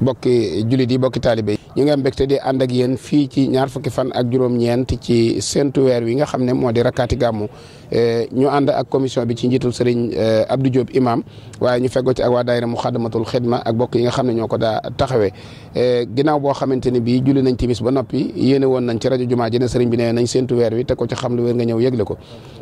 bokki jullit yi bokki taalibe yi ñu ngi am mbégte di ànd ak fii ci ñaar fukki fan ak juróom-ñeent ci séntu weer wi nga xam ne moo di rakkaati gàmmu eh, ñu ànd ak commission bi ci njiitul sëriñ eh, Abdou Diop imam waaye ñu feggoo ci ak waa daayira Muxaddamatul Xidma ak bokk yi nga xam ne ñoo ko daa taxawee eh, ginnaaw boo xamante ni bii julli nañ timis ba noppi yéene woon nañ ci rajo jumaa ji ne sëriñ bi nee nañ séntu weer wi te ko ci xam lu wér nga ñëw yëgle ko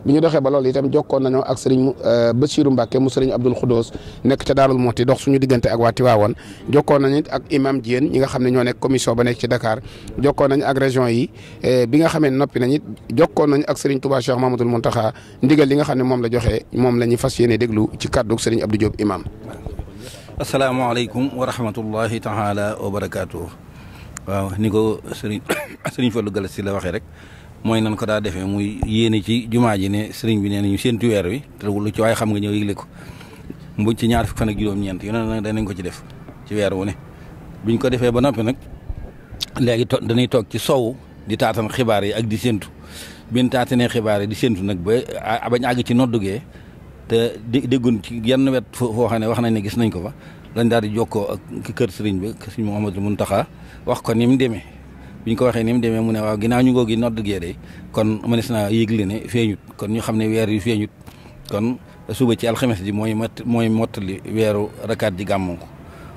bi ñu doxee ba loolu itam jokkoon nañoo ak sëriñ Bassirou Mbacke mu sëriñ Abdoul Khoudous nekk ca Daarul Muxti dox suñu diggante ak waa Tiwaawoon jokkoon nañ ak imaam Diène ñi nga xam ne ñoo nekk commission ba nekk ci Dakar jokkoon nañ ak région yi eh, bi nga xamee noppi nañ jokkoon nañ ak sëriñ Serigne Touba Cheikh Mamadou Mountakha ndigal li nga xam ne moom la joxe moom la ñu fas yéene déglu ci kàddu Serigne Abdou Diop imam. asalaamaaleykum wa rahmatullahi taala wa barakaatu. waaw ni ko Serigne Serigne Fallou si la waxee rek. mooy nan ko daa defee muy yéene ci jumaa ji ne sëriñ bi ñu nañu séntu weer wi te lu ci waaye nga ñëw yëgle ko mbuñ ci ñaar fukk fan ak ñeent yu ne nag ko ci def ci weer wu biñ ko defee ba noppi nag léegi to dañuy toog ci sow di taatan xibaar yi ak di séntu bin taatanee xibaar yi di séntu nag ba bañ àgg ci noddugee te di déggun ci genn wet foo xam ne wax nañ ne gis nañ ko fa lañ daal di jokkoo ak kër sëriñ bi sëriñ Mouhamadou Mountakha wax ko ni mu demee biñ ko waxee ni mu demee mu ne waaw ginnaaw ñu googi noddugee de kon mënees naa yëgle ne feeñut kon ñu xam ne weer yu feeñut kon suba ci alxames ji mooy mat mooy mottali weeru rakaat ji gàmmu ko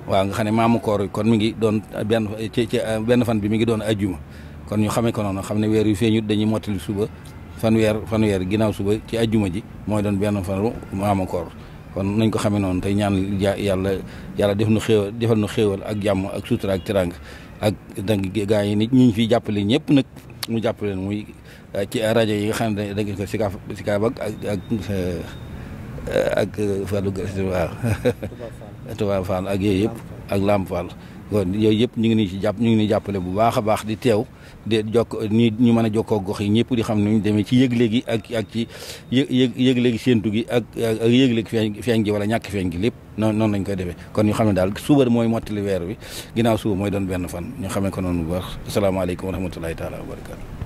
waaw nga xam ne maamu koor kon mi ngi doon benn ci ci euh, benn fan bi mi ngi doon ajjuma kon ñu xamee ko noonu xam ne weer yu fee feeñut dañuy mottali suba fan fanweer fanweer ginnaaw suba ci ajjuma ji mooy doon benn fanu maamu koor kon nañ ko xame noonu tey ñaan yàlla yàlla def nu xéewal defal nu xéewal ak jàmm ak sutura ak tiraang ak dang gaa yi nit ñi ñu fiy jàppale ñëpp nag mu leen muy euh, ci rajo yi nga xam ne da ngeen ko sikaaf sikaaf ak ak euh, Eh, ak eh, Fallou waaw Touba Fall ak yooyu yëpp ak Lamp Fall kon yooyu yëpp ñu ngi nii ci jàpp ñu ngi ni jàppale bu baax a baax di teew di jokk ni ñu mën a jokkoo gox yi ñëpp di xam ne ñu demee ci yëgle gi ak ak ci yëg yëgle gi séentu gi ak ak yëgle gi feeñ gi wala ñàkk feeñ gi lépp noonu noonu lañ koy demee kon ñu xam ne daal suba mooy mottali weer wi ginnaaw suba mooy doon benn fan ñu xamee ko noonu bu baax asalaamaaleykum wa rahmatulahi taala wa